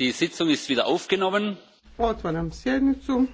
die sitzung ist wieder aufgenommen. otvaram sjednicu.